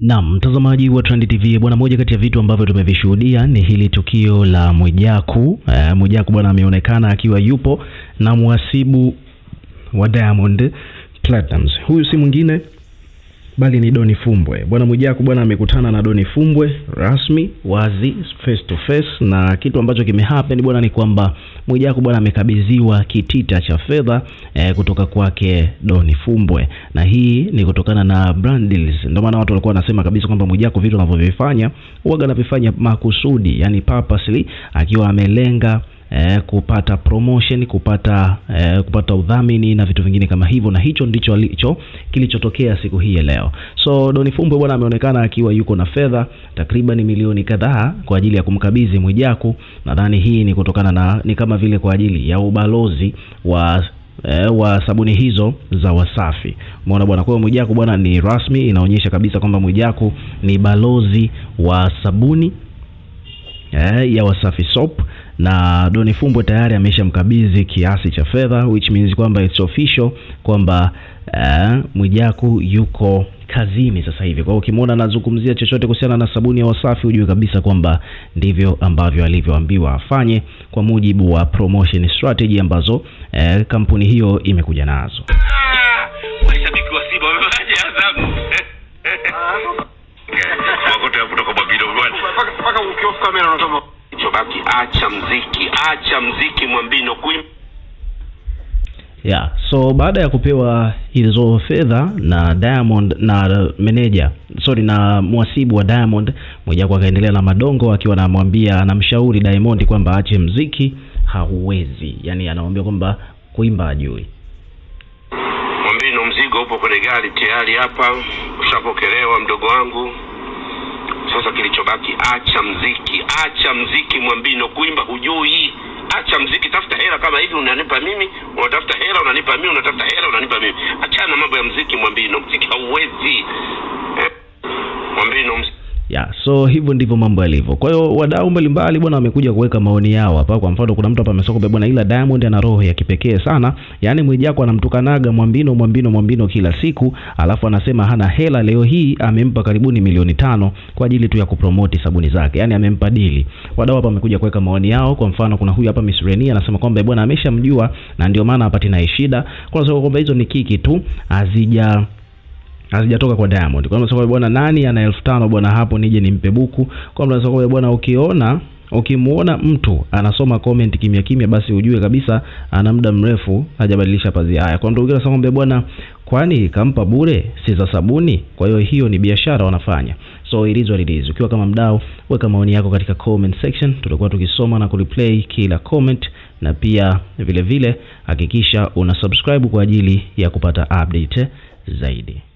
Na mtazamaji wa Trend TV bwana, moja kati ya vitu ambavyo tumevishuhudia ni hili tukio la Mwijaku. E, Mwijaku bwana ameonekana akiwa yupo na mhasibu wa Diamond Platnumz. Huyu si mwingine bali ni Doni Fumbwe. Bwana Mwijaku bwana amekutana na Doni Fumbwe rasmi wazi, face to face, na kitu ambacho kimehappen bwana ni kwamba Mwijaku bwana amekabidhiwa kitita cha fedha eh, kutoka kwake Doni Fumbwe, na hii ni kutokana na brand deals. Ndio maana watu walikuwa wanasema kabisa kwamba Mwijaku vitu anavyovifanya huwa anavifanya makusudi, yani purposely, akiwa amelenga eh, kupata promotion, kupata eh, kupata udhamini na vitu vingine kama hivyo, na hicho ndicho alicho kilichotokea siku hii ya leo. So Doni Fumbe bwana ameonekana akiwa yuko na fedha takriban milioni kadhaa kwa ajili ya kumkabidhi Mwijaku. Nadhani hii ni kutokana na ni kama vile kwa ajili ya ubalozi wa E, wa sabuni hizo za Wasafi. Umeona bwana, kwa hiyo Mwijaku bwana ni rasmi, inaonyesha kabisa kwamba Mwijaku ni balozi wa sabuni eh, ya Wasafi Soap na Doni Fumbo tayari ameshamkabidhi kiasi cha fedha, which means kwamba it's official kwamba eh, Mwijaku yuko kazini sasa hivi. Kwa hiyo ukimwona anazungumzia chochote kuhusiana na sabuni ya Wasafi, ujue kabisa kwamba ndivyo ambavyo alivyoambiwa afanye kwa mujibu wa promotion strategy ambazo eh, kampuni hiyo imekuja nazo. Ah, kamera unasoma baki, Acha mziki, acha mziki, mwambino kuimba yeah. So baada ya kupewa hizo fedha na Diamond na meneja sorry, na mwasibu wa Diamond Mwijaku akaendelea na madongo akiwa anamwambia anamshauri Diamond kwamba aache mziki, hauwezi yani, anamwambia kwamba kuimba ajui. Mwambino, mzigo upo kwenye gari tayari, hapa ushapokelewa, mdogo wangu sasa kilichobaki, acha mziki, acha mziki Mwambino, kuimba hujui. Acha mziki, tafuta hela. Kama hivi unanipa mimi, unatafuta hela, unanipa mimi, unatafuta hela, unanipa mimi. Achana mambo ya mziki Mwambino, mziki hauwezi ya so hivyo ndivyo mambo yalivyo. Kwa hiyo wadau mbalimbali bwana wamekuja kuweka maoni yao hapa. Kwa mfano kuna mtu hapa amesoma bwana, ila Diamond ana roho ya kipekee sana, yaani Mwijaku anamtukanaga Mwambino, Mwambino, Mwambino kila siku, alafu anasema hana hela. Leo hii amempa karibuni milioni tano kwa ajili tu ya kupromoti sabuni zake, yaani amempa dili. Wadau hapa wamekuja kuweka maoni yao. Kwa mfano kuna huyu hapa Miss Renia anasema kwamba eh, bwana ameshamjua na ndio maana hapati naye shida. Kwa sababu kwamba hizo ni kiki tu hazija hazijatoka kwa Diamond. Kwa hiyo bwana, nani ana elfu tano bwana, hapo nije nimpe buku. Kwa hiyo bwana, ukiona ukimuona mtu anasoma comment kimya kimya, basi ujue kabisa ana muda mrefu hajabadilisha pazia haya. Kwa ndugu yangu anasema bwana, kwani kampa bure, si za sabuni. Kwa hiyo hiyo ni biashara wanafanya. So it is what it is. Ukiwa kama mdau, weka maoni yako katika comment section, tutakuwa tukisoma na kureplay kila comment, na pia vile vile hakikisha una subscribe kwa ajili ya kupata update zaidi.